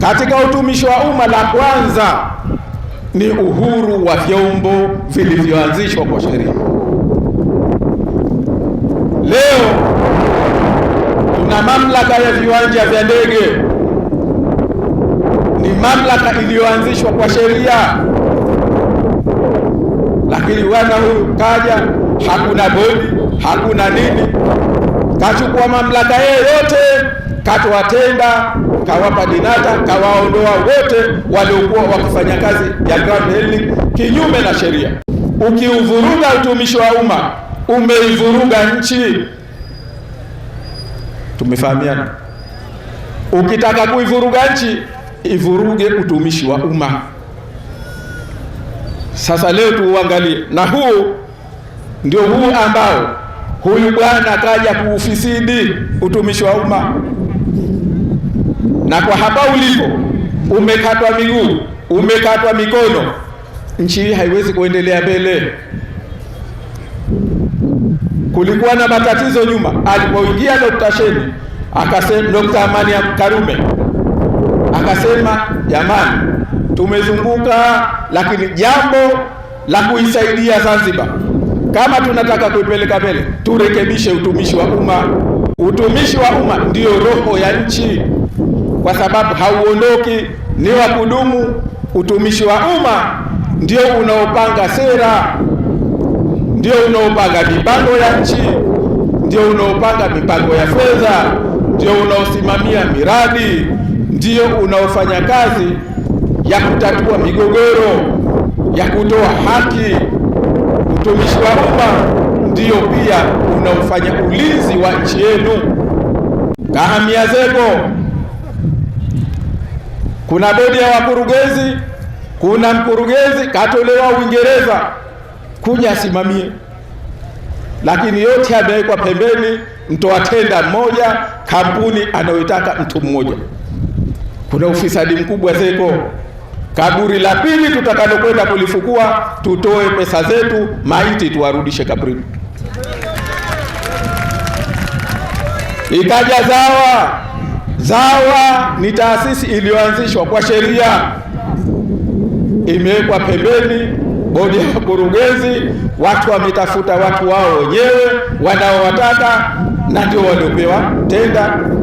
Katika utumishi wa umma, la kwanza ni uhuru wa vyombo vilivyoanzishwa kwa sheria. Leo tuna mamlaka ya viwanja vya ndege, ni mamlaka iliyoanzishwa kwa sheria, lakini wana huyu kaja, hakuna bodi, hakuna nini, kachukua mamlaka yeyote, katoa tenda kawapa dinata, kawaondoa wote waliokuwa wakifanya kazi ya ground handling kinyume na sheria. Ukiuvuruga utumishi wa umma, umeivuruga nchi. Tumefahamiana? Ukitaka kuivuruga nchi, ivuruge utumishi wa umma. Sasa leo tuuangalie, na huu ndio huu ambao huyu bwana kaja kuufisidi utumishi wa umma na kwa hapa ulipo umekatwa miguu, umekatwa mikono, nchi hii haiwezi kuendelea mbele. Kulikuwa na matatizo nyuma, alipoingia Dr. Sheni akasema, Dr. Amani Karume akasema, jamani, tumezunguka, lakini jambo la kuisaidia Zanzibar kama tunataka kuipeleka mbele, turekebishe utumishi wa umma. Utumishi wa umma ndiyo roho ya nchi kwa sababu hauondoki, ni wa kudumu. Utumishi wa umma ndio unaopanga sera, ndio unaopanga mipango ya nchi, ndio unaopanga mipango ya fedha, ndio unaosimamia miradi, ndio unaofanya kazi ya kutatua migogoro, ya kutoa haki. Utumishi wa umma ndio pia unaofanya ulinzi wa nchi yenu. Kahamia zeko kuna bodi ya wakurugenzi, kuna mkurugenzi katolewa Uingereza kuja asimamie, lakini yote yamewekwa pembeni, mtoa tenda mmoja, kampuni anayotaka mtu mmoja. Kuna ufisadi mkubwa zeko. Kaburi la pili tutakalokwenda kulifukua, tutoe pesa zetu, maiti tuwarudishe kabrini. Ikaja ZAWA ZAWA ni taasisi iliyoanzishwa kwa sheria, imewekwa pembeni, bodi ya wakurugenzi, watu wametafuta watu wao wenyewe wanaowataka, na ndio waliopewa tenda.